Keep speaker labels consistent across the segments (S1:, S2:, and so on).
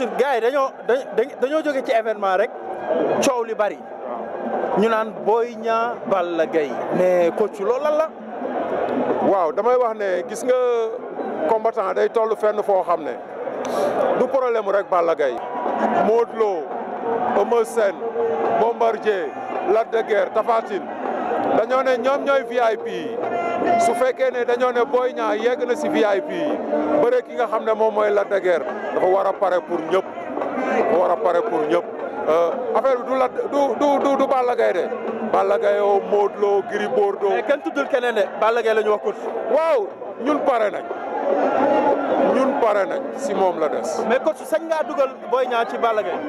S1: ensuite gars yi dañoo dañoo joge ci événement rek coow li bari ñu naan Boy ñaa Balla Gaye mais coach loolu lan la.
S2: waaw damay wax ne gis nga combattant day toll fenn foo xam ne du problème rek Balla Gaye Modou Lo Eumeu Sène Bombardier Lac de Guiers Tapha Tine dañoo ne ñoom ñooy VIP. su fekkee ne dañoo ne Boy yegg na si VIP yi bëre ki nga xam ne moom mooy Lac de Guiers dafa war a pare pour ñëpp dafa war a pare pour ñëpp euh, affaire bi du la du du du du Balla Gaye de Balla Gaye oo Modou kenn tuddul keneen de Balla Gaye
S1: la ñu waaw ñun pare nañ ñun pare nañ si moom la des. mais coach sañ ngaa dugal Boy Niang ci Balla Gaye.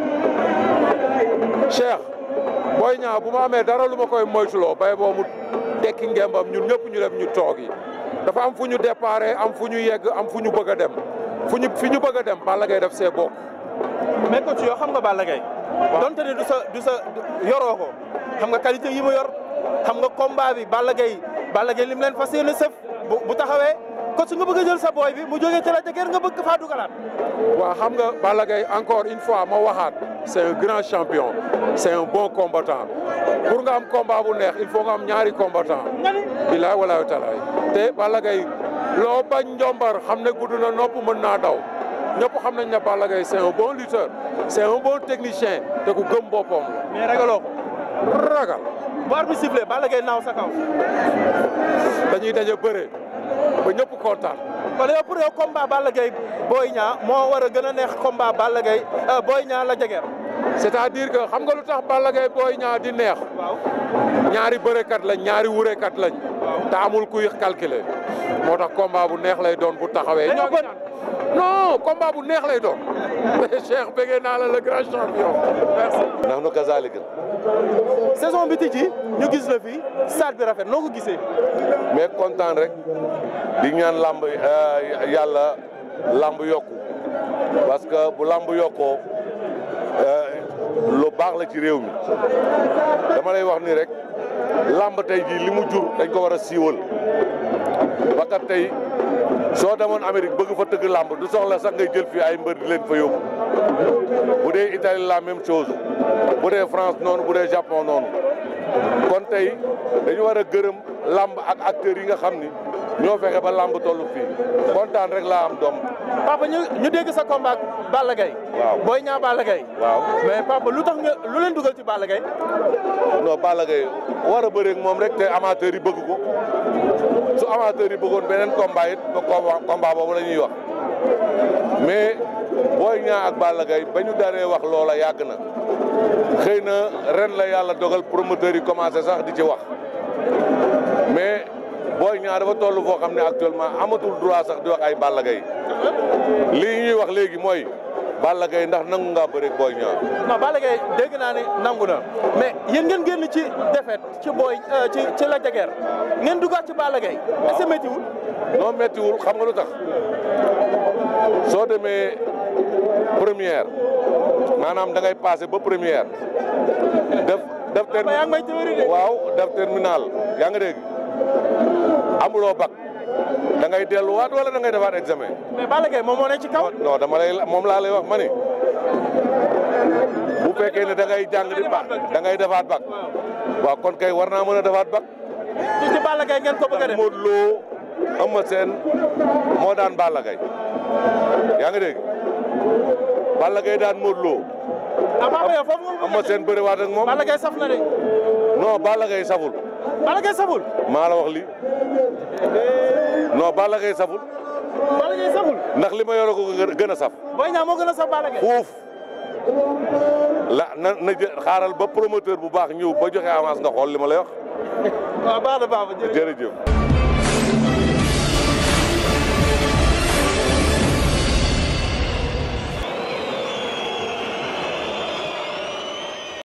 S1: Cheikh
S2: Boy bu ma amee dara lu ma koy moytuloo bay boo mu tekki ngembam ñun ñëpp ñu dem ñu toog yi dafa am fu ñu déparé am fu ñu yegg am fu ñu bëgg a dem fu ñu fi ñu bëgg a dem
S1: Balla Gaye def see bokk. mais coach yoo xam nga Balla Gaye. waaw ne du sa du sa yoroo ko xam nga qualité yi mu yor xam nga combat bi Balla Gaye Balla Gaye lim leen fas yéene sëf bu bu taxawee coach nga bëgg a jël sa booy bi mu jógee ci la nga bëgg faa dugalaat.
S2: waaw xam nga Balla Gaye encore une fois ma waxaat. c'est un grand champion c'est un bon combattant pour nga am combat bu neex il faut nga am ñaari combattant bilaay walaay talaay te Balla loo bañ njombar xam ne gudd na nopp mën naa daw ñëpp xam nañ ne Balla Gaye c'est un bon lutteur c'est un bon technicien te ku gëm boppam la. mais
S1: ragal. bu arbitre sifflé Balla Gaye naaw sa kaw. dañuy bëre ba ñëpp kontaan. kon yow pour combat Balla Gaye Boy moo war a gën a neex combat Balla Gaye euh, Boy la jegeer. c'est-à-dire que xam nga lu tax Balla Gaye
S2: Boy ñaar di neex. ñaari bërekat lañ ñaari wurekat lañ. te amul kuy calculer. moo tax combat bu neex lay doon bu taxawee. ñoo ngi non combat bu neex
S3: lay doon.
S1: Cheikh bëggee naa la le grand champion. merci.
S3: ndax nu kazaalika. saison bi tijji ñu gis la fi stade bi rafet noo ko gisee. mais kontaan rek di ñaan làmb euh, yàlla làmb yokku parce que bu làmb yokkoo. Euh, lu baax la ci réew mi dama lay wax ni rek làmb tey jii li mu jur dañ ko war a siiwal ba kat tey soo demoon Amérique bëgg fa tëgg làmb du soxla sax ngay jël fii ay mbër di leen fa yóbbu bu dee Italie la même chose bu dee France noonu bu dee Japon noonu kon tey dañu war a gërëm làmb ak acteur yi nga xam ni ñoo fexe ba làmb tollu fii kontaan rek laa am doom. papa ñu dégg sa
S1: combat Balla Gaye. waaw Boy Niang Balla Gaye. waaw mais papa lu tax nga lu leen dugal ci Balla Gaye.
S3: non Balla Gaye war a bëreeg moom rek te amateur yi bëgg ko su amateur yi bëggoon beneen combat it ba combat boobu la ñuy wax mais Boy Niang ak Balla ba ñu daree wax loola yàgg na xëy na ren la yàlla dogal promoteur yi commencé sax di ci wax mais. booy ñaar dafa toll foo xam ne actuellement amatul droit sax di wax ay Balla Gaye lii ñuy wax léegi mooy Balla Gaye ndax nangu ngaa bëri booy ñaa non Balla Gaye dégg naa ne nangu na mais
S1: yéen ngeen génn ci défaite ci booy euh, ci ci la jaguer ngeen duggaat ci Balla Gaye est-ce
S3: que xam nga lu tax soo demee première maanaam da ngay passé ba première def def terminal waaw def terminal yaa nga dégg amuloo bac da ngay delluwaat wala da ngay defaat examen. mais Balla ne ci kaw. non dama lay moom laa lay wax ma bu fekkee ne da ngay jàng di bac da ngay defaat bac waaw kon kay war naa mën a defaat bac. ci ci ko bëgg moo daan Balla Gaye yaa ngi dégg Balla daan Modou Lo. ah Balla Gaye foofu Eumeu moom. Balla Gaye saf saful. Balla Gaye saful. maa la wax lii non Balla Gaye ndax li ma yoro ko gën a saf.
S1: Boy Niang moo gën a saf Balla Gaye. fuuf
S3: la na na xaaral ba promoteur bu baax ñëw ba joxe avance nga xool li ma lay wax. waaw baax na baax na